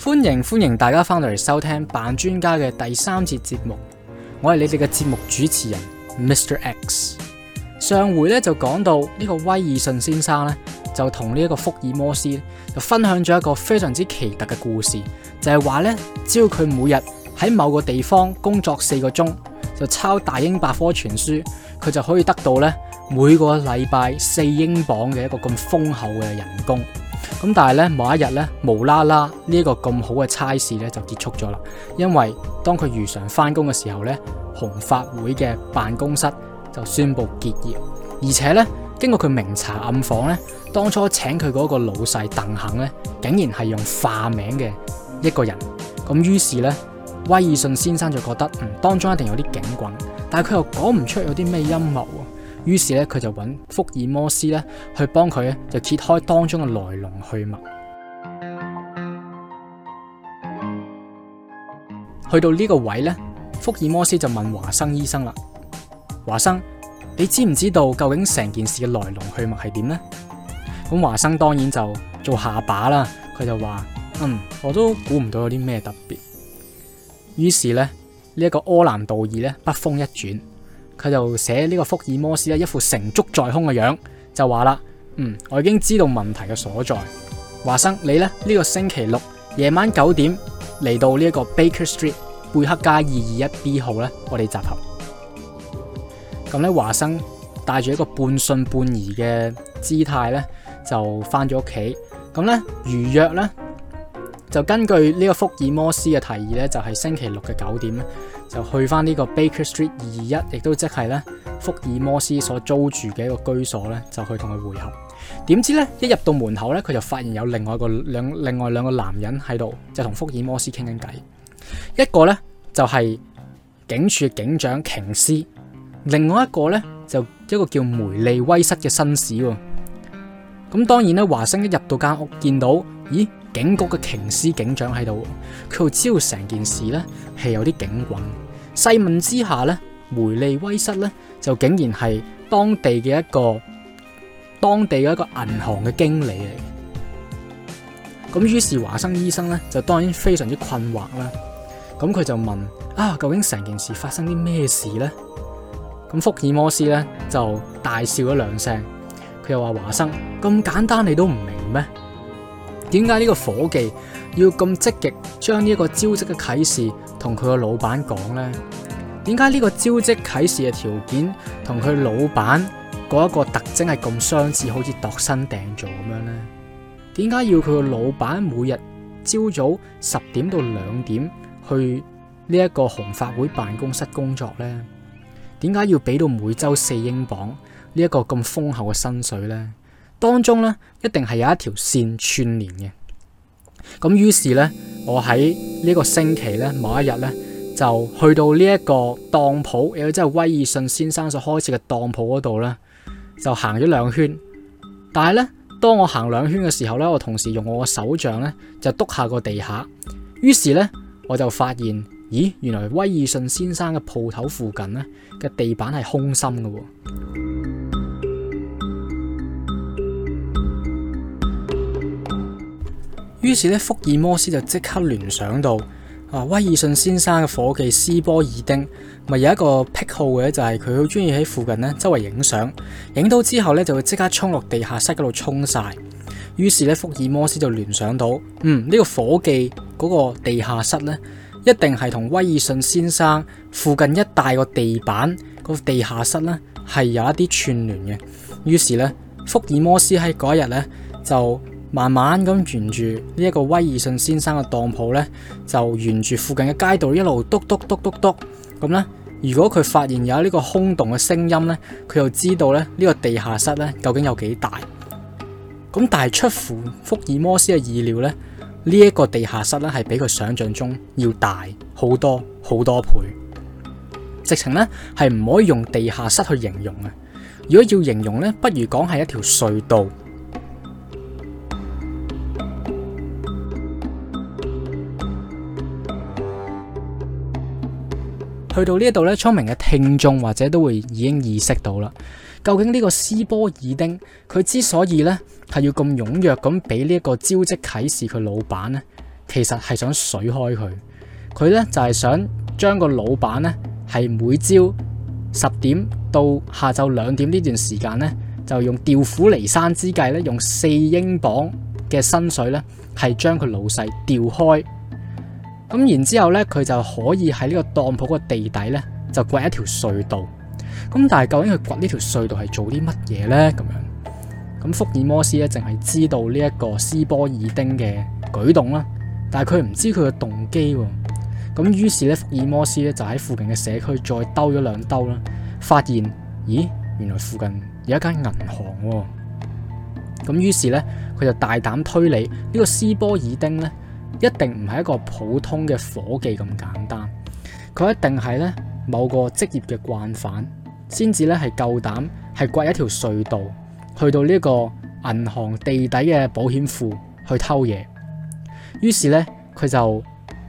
歡迎歡迎大家翻到嚟收聽《扮專家》嘅第三節節目，我係你哋嘅節目主持人 Mr X。上回咧就講到呢個威爾遜先生咧，就同呢一個福爾摩斯就分享咗一個非常之奇特嘅故事，就係話咧，只要佢每日喺某個地方工作四個鐘，就抄大英百科全書，佢就可以得到咧。每個禮拜四英鎊嘅一個咁豐厚嘅人工，咁但係咧，某一日咧無啦啦呢個咁好嘅差事咧就結束咗啦。因為當佢如常翻工嘅時候咧，紅髮會嘅辦公室就宣布結業，而且咧經過佢明查暗訪咧，當初請佢嗰個老細鄧肯咧，竟然係用化名嘅一個人。咁於是咧，威爾遜先生就覺得，嗯，當中一定有啲警棍，但係佢又講唔出有啲咩陰謀。於是咧，佢就揾福爾摩斯咧，去幫佢咧，就揭開當中嘅來龍去脈。去到呢個位咧，福爾摩斯就問華生醫生啦：華生，你知唔知道究竟成件事嘅來龍去脈係點呢？」咁華生當然就做下巴啦，佢就話：嗯，我都估唔到有啲咩特別。於是咧，呢一個柯南道爾咧，筆鋒一轉。佢就寫呢個福爾摩斯呢，一副成竹在胸嘅樣，就話啦：嗯，我已經知道問題嘅所在，華生，你呢？呢、呢個星期六夜晚九點嚟到呢一個 Baker Street 貝克街二二一 B 號呢，我哋集合。咁呢，華生帶住一個半信半疑嘅姿態呢，就返咗屋企。咁呢，預約呢，就根據呢個福爾摩斯嘅提議呢，就係、是、星期六嘅九點呢就去返呢個 Baker Street 二二一，亦都即係咧福爾摩斯所租住嘅一個居所咧，就去同佢會合。點知咧一入到門口咧，佢就發現有另外一個兩另外兩個男人喺度，就同福爾摩斯傾緊偈。一個咧就係、係、警署警長瓊斯，另外一個咧就一個叫梅利威瑟嘅紳士喎。咁當然咧，華生一入到間屋，見到咦？警局嘅瓊斯警長喺度，佢就知道成件事呢係有啲警棍。細問之下呢，梅利威瑟呢就竟然係當地嘅一個當地嘅一個銀行嘅經理嚟嘅。咁於是華生醫生呢就當然非常之困惑啦。咁佢就問啊，「究竟成件事發生啲咩事呢？」咁福爾摩斯呢就大笑咗兩聲，佢又話華生，咁簡單你都唔明咩？點解呢個伙計要咁積極將呢一個招職嘅啟示同佢個老闆講呢？點解呢個招職啟示嘅條件同佢老闆嗰一個特徵係咁相似，好似度身訂做咁樣呢？點解要佢個老闆每日朝早十點到兩點去呢一個紅發會辦公室工作呢？點解要俾到每周四英鎊呢一個咁豐厚嘅薪水呢？當中咧，一定係有一條線串連嘅。咁於是咧，我喺呢個星期咧，某一日咧，就去到呢一個當鋪，亦即係威爾遜先生所開設嘅當鋪嗰度咧，就行咗兩圈。但係咧，當我行兩圈嘅時候咧，我同時用我個手掌咧，就篤下個地下。於是咧，我就發現，咦，原來威爾遜先生嘅鋪頭附近咧嘅地板係空心嘅，哦。於是咧，福爾摩斯就即刻聯想到啊，威爾遜先生嘅伙計斯波爾丁，咪有一個癖好嘅，就係佢好中意喺附近咧周圍影相，影到之後咧就會即刻衝落地下室嗰度沖晒。於是咧，福爾摩斯就聯想到，嗯，呢個伙計嗰個地下室咧，一定係同威爾遜先生附近一帶個地板個地下室咧，係有一啲串聯嘅。於是咧，福爾摩斯喺嗰日咧就，慢慢咁沿住呢一個威爾遜先生嘅當鋪呢，就沿住附近嘅街道一路督督督督督。咁呢，如果佢發現有呢個空洞嘅聲音呢，佢就知道呢，呢個地下室呢，究竟有幾大。咁但係出乎福爾摩斯嘅意料呢，呢一個地下室呢係比佢想象中要大好多好多倍。直情呢，係唔可以用地下室去形容嘅。如果要形容呢，不如講係一條隧道。去到呢度咧，聰明嘅聽眾或者都會已經意識到啦。究竟呢個斯波爾丁佢之所以呢係要咁踴躍咁俾呢一個招職啟示佢老闆呢，其實係想水開佢。佢呢就係、是、想將個老闆呢，係每朝十點到下晝兩點呢段時間呢，就用調虎離山之計呢用四英鎊嘅薪水呢，係將佢老細調開。咁然之後咧，佢就可以喺呢個當鋪個地底咧，就掘一條隧道。咁但係究竟佢掘呢條隧道係做啲乜嘢呢？咁樣咁福爾摩斯咧，淨係知道呢一個斯波爾丁嘅舉動啦，但係佢唔知佢嘅動機喎。咁於是咧，福爾摩斯咧就喺附近嘅社區再兜咗兩兜啦，發現咦，原來附近有一間銀行喎。咁於是咧，佢就大膽推理呢個斯波爾丁咧。一定唔係一個普通嘅伙計咁簡單，佢一定係呢某個職業嘅慣犯，先至呢係夠膽係掘一條隧道，去到呢個銀行地底嘅保險庫去偷嘢。於是呢，佢就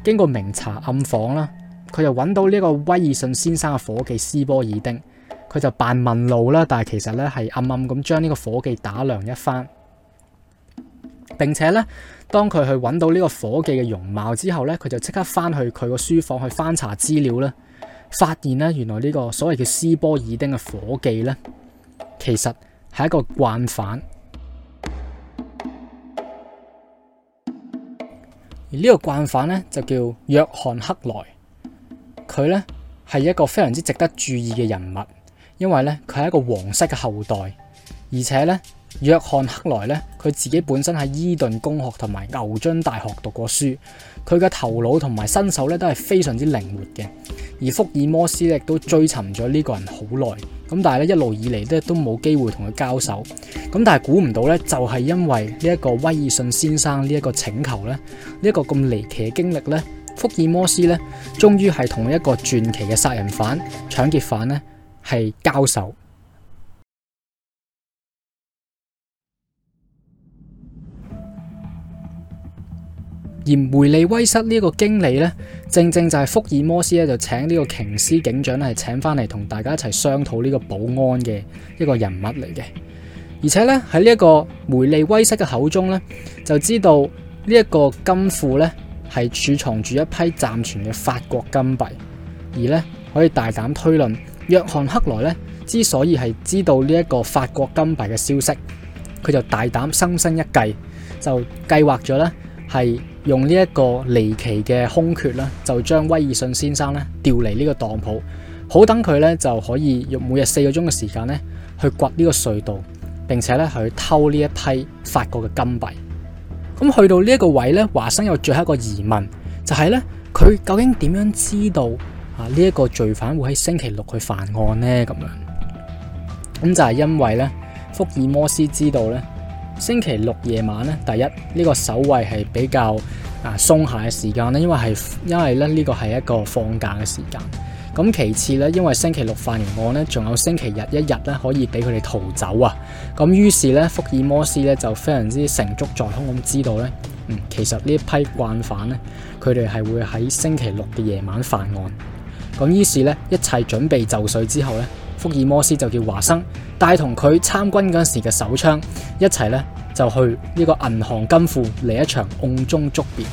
經過明查暗訪啦，佢就揾到呢個威爾遜先生嘅伙計斯波爾丁，佢就扮問路啦，但係其實呢係暗暗咁將呢個伙計打量一番，並且呢。當佢去揾到呢個伙計嘅容貌之後呢，佢就即刻翻去佢個書房去翻查資料啦，發現呢，原來呢個所謂叫斯波爾丁嘅伙計呢，其實係一個慣犯，而呢個慣犯呢，就叫約翰克萊，佢呢係一個非常之值得注意嘅人物，因為呢，佢係一個皇室嘅後代，而且呢。約翰克萊咧，佢自己本身喺伊頓公學同埋牛津大學讀過書，佢嘅頭腦同埋身手咧都係非常之靈活嘅。而福爾摩斯咧都追尋咗呢個人好耐，咁但係咧一路以嚟，咧都冇機會同佢交手。咁但係估唔到咧，就係因為呢一個威爾遜先生呢一個請求咧，呢一個咁離奇嘅經歷咧，福爾摩斯咧終於係同一個傳奇嘅殺人犯、搶劫犯咧係交手。而梅利威瑟呢個經理呢，正正就係福爾摩斯咧就請呢個瓊斯警長咧係請翻嚟同大家一齊商討呢個保安嘅一個人物嚟嘅，而且呢，喺呢一個梅利威瑟嘅口中呢，就知道呢一個金庫呢係儲藏住一批暫存嘅法國金幣，而呢，可以大膽推論，約翰克萊呢之所以係知道呢一個法國金幣嘅消息，佢就大膽生生一計，就計劃咗咧。係用呢一個離奇嘅空缺啦，就將威爾遜先生咧調離呢個當鋪，好等佢咧就可以用每日四個鐘嘅時間咧去掘呢個隧道，並且咧去偷呢一批法國嘅金幣。咁去到呢一個位咧，華生有最後一個疑問，就係咧佢究竟點樣知道啊呢一個罪犯會喺星期六去犯案呢？咁樣咁就係因為咧福爾摩斯知道咧。星期六夜晚咧，第一呢個守衞係比較啊鬆懈嘅時間咧，因為係因為咧呢個係一個放假嘅時間。咁其次咧，因為星期六犯完案咧，仲有星期日一日咧可以俾佢哋逃走啊。咁於是咧，福爾摩斯咧就非常之成竹在胸咁知道咧，嗯，其實呢一批慣犯咧，佢哋係會喺星期六嘅夜晚犯案。咁於是咧，一切準備就緒之後咧。福爾摩斯就叫華生，帶同佢參軍嗰時嘅手槍一齊咧，就去呢個銀行金庫嚟一場甕中捉鱉。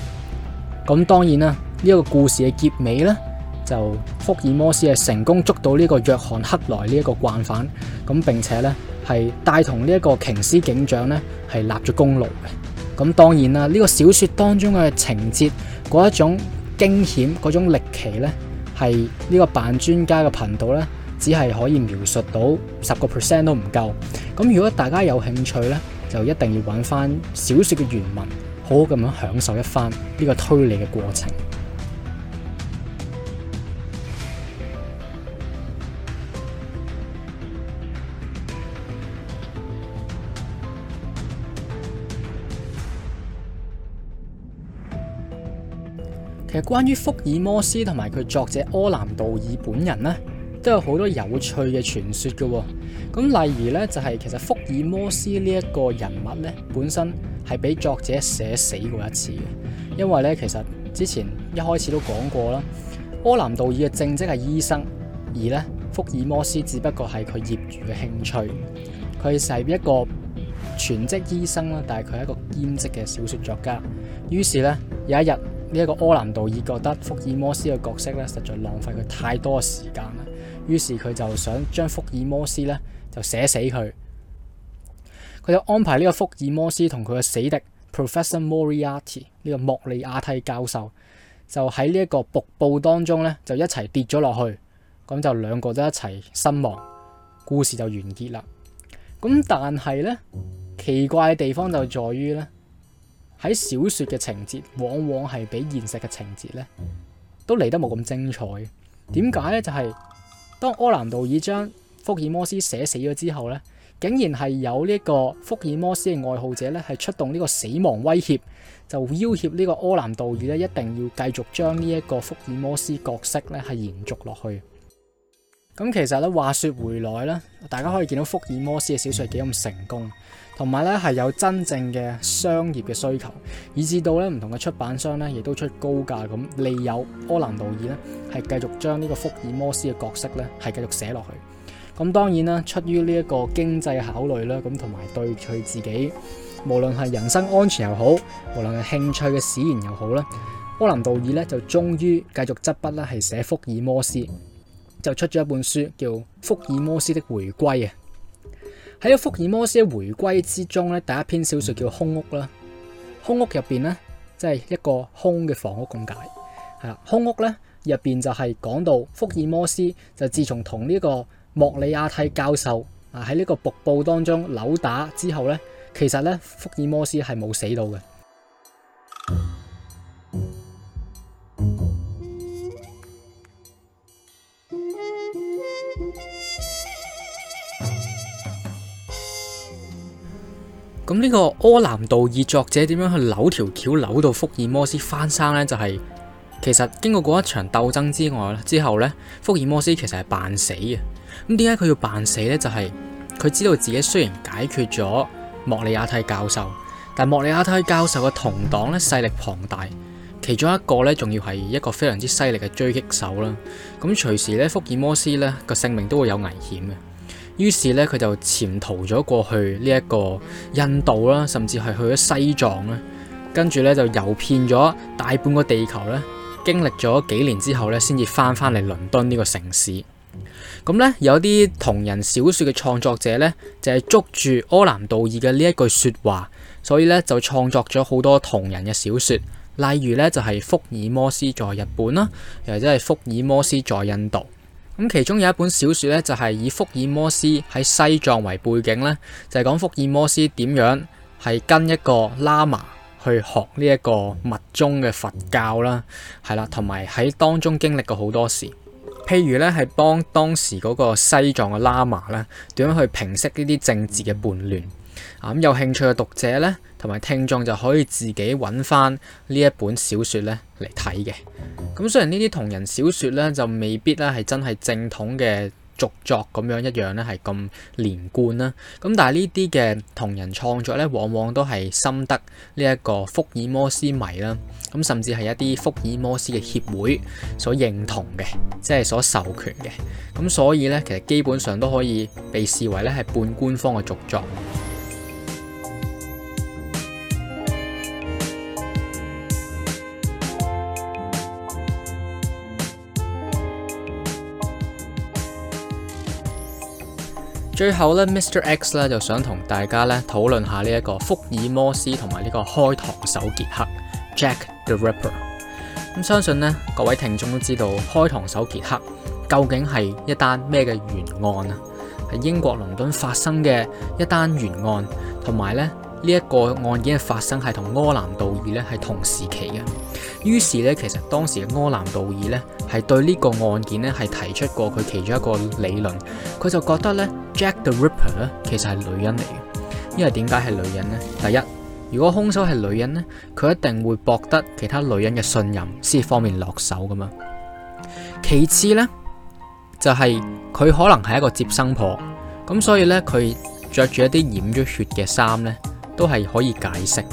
咁當然啦，呢、這個故事嘅結尾咧，就福爾摩斯係成功捉到呢個約翰克萊呢一個慣犯，咁並且咧係帶同呢一個瓊斯警長咧係立咗功勞嘅。咁當然啦，呢、這個小說當中嘅情節嗰一種驚險嗰種歷奇咧，係呢個扮專家嘅頻道咧。只係可以描述到十個 percent 都唔夠，咁如果大家有興趣呢，就一定要搵翻小說嘅原文，好好咁樣享受一番呢個推理嘅過程。其實關於福爾摩斯同埋佢作者柯南道爾本人呢。都有好多有趣嘅傳說嘅，咁，例如呢，就係其實福爾摩斯呢一個人物呢本身係俾作者寫死過一次嘅。因為呢，其實之前一開始都講過啦，柯南道爾嘅正職係醫生，而呢，福爾摩斯只不過係佢業餘嘅興趣。佢係一個全職醫生啦，但係佢係一個兼職嘅小說作家。於是呢，有一日呢一個柯南道爾覺得福爾摩斯嘅角色呢，實在浪費佢太多的時間啦。於是佢就想將福爾摩斯咧就寫死佢，佢就安排呢個福爾摩斯同佢嘅死敵 Professor Moriarty 呢個莫利亞蒂教授，就喺呢一個瀑布當中咧就一齊跌咗落去，咁就兩個都一齊身亡，故事就完結啦。咁但係咧奇怪嘅地方就在於咧，喺小説嘅情節往往係比現實嘅情節咧都嚟得冇咁精彩，點解咧就係、是？當柯南道爾將福爾摩斯寫死咗之後咧，竟然係有呢個福爾摩斯嘅愛好者咧，係出動呢個死亡威脅，就要挾呢個柯南道爾咧，一定要繼續將呢一個福爾摩斯角色咧係延續落去。咁其實咧，話說回來咧，大家可以見到福爾摩斯嘅小說係幾咁成功。同埋咧，係有真正嘅商業嘅需求，以至到咧唔同嘅出版商咧，亦都出高價咁利誘柯南道爾咧，係繼續將呢個福爾摩斯嘅角色咧係繼續寫落去。咁當然啦，出於呢一個經濟考慮啦，咁同埋對佢自己，無論係人生安全又好，無論係興趣嘅使然又好啦，柯南道爾咧就終於繼續執筆呢係寫福爾摩斯，就出咗一本書叫《福爾摩斯的回歸》啊。喺《福爾摩斯》回歸之中咧，第一篇小說叫《空屋》啦，《空屋》入邊咧，即係一個空嘅房屋咁解，係啦，《空屋》咧入邊就係講到福爾摩斯就自從同呢個莫里亞蒂教授啊喺呢個瀑布當中扭打之後咧，其實咧福爾摩斯係冇死到嘅。呢、這個柯南道爾作者點樣去扭條橋，扭到福爾摩斯翻生呢？就係、是、其實經過嗰一場鬥爭之外之後呢，福爾摩斯其實係扮死嘅。咁點解佢要扮死呢？就係、是、佢知道自己雖然解決咗莫里亞泰教授，但莫里亞泰教授嘅同黨勢力龐大，其中一個呢仲要係一個非常之犀利嘅追擊手啦。咁隨時呢，福爾摩斯呢個性命都會有危險嘅。於是咧，佢就潛逃咗過去呢一個印度啦，甚至係去咗西藏啦，跟住咧就遊遍咗大半個地球咧，經歷咗幾年之後咧，先至翻翻嚟倫敦呢個城市。咁咧有啲同人小説嘅創作者咧，就係捉住柯南道爾嘅呢一句説話，所以咧就創作咗好多同人嘅小説，例如咧就係《福爾摩斯在日本》啦，又或者係《福爾摩斯在印度》。咁其中有一本小説咧，就係以福爾摩斯喺西藏為背景咧，就係講福爾摩斯點樣係跟一個喇嘛去學呢一個密宗嘅佛教啦，係啦，同埋喺當中經歷過好多事，譬如咧係幫當時嗰個西藏嘅喇嘛咧，點樣去平息呢啲政治嘅叛亂。啊，咁有興趣嘅讀者咧，同埋聽眾就可以自己揾翻呢一本小說咧嚟睇嘅。咁雖然呢啲同人小說咧就未必咧係真係正統嘅續作咁樣一樣咧係咁連貫啦。咁但係呢啲嘅同人創作咧，往往都係深得呢一個福爾摩斯迷啦。咁甚至係一啲福爾摩斯嘅協會所認同嘅，即係所授權嘅。咁所以咧，其實基本上都可以被視為咧係半官方嘅續作。最後咧，Mr X 咧就想同大家咧討論下呢一個福爾摩斯同埋呢個開膛手傑克 Jack the Ripper。咁相信咧，各位聽眾都知道開膛手傑克究竟係一單咩嘅懸案啊？係英國倫敦發生嘅一單懸案，同埋咧呢一個案件嘅發生係同柯南道爾咧係同時期嘅。於是呢，其實當時嘅柯南道爾咧係對呢個案件咧係提出過佢其中一個理論，佢就覺得咧，Jack the Ripper 咧，其實係女人嚟嘅，因為點解係女人呢？第一，如果兇手係女人咧，佢一定會博得其他女人嘅信任先方便落手㗎嘛。其次呢，就係佢可能係一個接生婆，咁所以呢，佢着住一啲染咗血嘅衫呢，都係可以解釋嘅。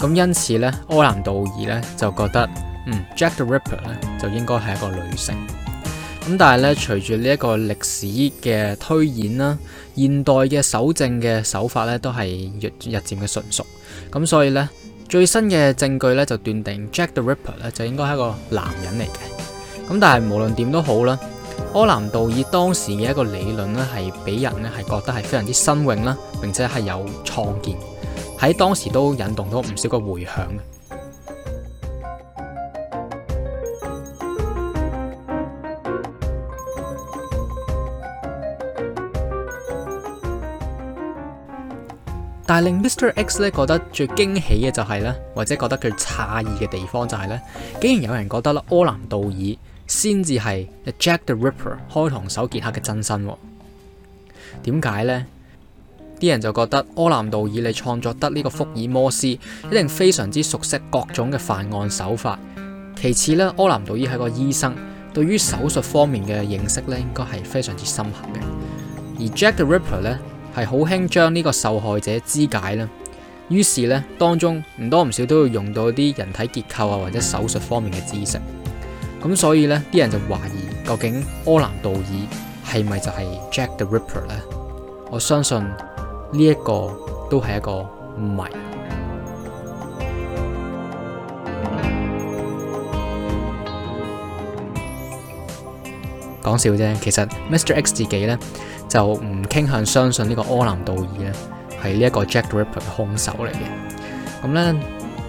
咁因此呢，柯南道爾呢，就覺得，嗯，Jack the Ripper 呢，就應該係一個女性。咁但係咧，隨住呢一個歷史嘅推演啦，現代嘅搜證嘅手法咧，都係越日漸嘅純熟。咁所以咧，最新嘅證據咧就斷定 Jack the Ripper 咧就應該係一個男人嚟嘅。咁但係無論點都好啦，柯南道爾當時嘅一個理論咧，係俾人咧係覺得係非常之新穎啦，並且係有創建，喺當時都引動到唔少嘅回響。但令 Mr X 咧覺得最驚喜嘅就係咧，或者覺得佢詫異嘅地方就係咧，竟然有人覺得啦，柯南道爾先至係 Jack the Ripper 開膛手傑克嘅真身。點解呢？啲人就覺得柯南道爾你創作得呢個福爾摩斯，一定非常之熟悉各種嘅犯案手法。其次呢，柯南道爾係個醫生，對於手術方面嘅認識咧，應該係非常之深刻嘅。而 Jack the Ripper 咧。係好興將呢個受害者肢解啦，於是呢，當中唔多唔少都會用到啲人體結構啊或者手術方面嘅知識，咁所以呢，啲人就懷疑究竟柯南道爾係咪就係 Jack the Ripper 呢？我相信呢一個都係一個謎。講笑啫，其實 Mr X 自己呢。就唔傾向相信呢個柯南道爾呢係呢一個 Jack Ripper 嘅兇手嚟嘅，咁呢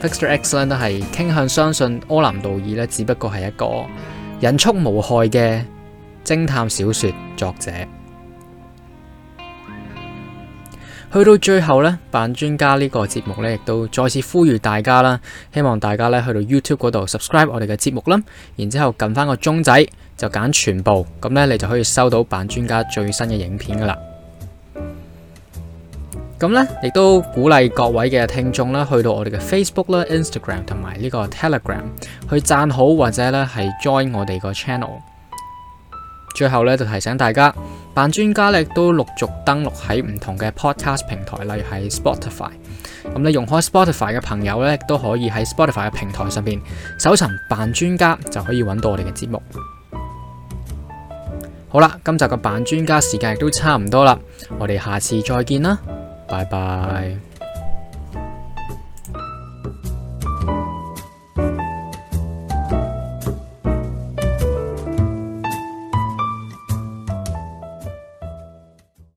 Fixture X 呢都係傾向相信柯南道爾呢只不過係一個人畜無害嘅偵探小説作者。去到最後呢，扮專家呢個節目呢亦都再次呼籲大家啦，希望大家呢去到 YouTube 嗰度 subscribe 我哋嘅節目啦，然之後撳翻個鐘仔，就揀全部咁咧，你就可以收到扮專家最新嘅影片噶啦。咁咧，亦都鼓勵各位嘅聽眾啦，去到我哋嘅 Facebook 啦、Instagram 同埋呢個 Telegram 去讚好或者咧係 join 我哋個 channel。最後咧，就提醒大家，扮專家咧都陸續登錄喺唔同嘅 podcast 平台，例如係 Spotify。咁你用開 Spotify 嘅朋友咧，都可以喺 Spotify 嘅平台上邊搜尋扮專家，就可以揾到我哋嘅節目。好啦，今集嘅扮專家時間亦都差唔多啦，我哋下次再見啦，拜拜。